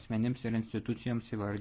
asmenims ir institucijoms įvardyti.